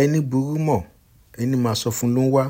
ẹní burú mọ́ ẹni máa sọ fún ló ń wá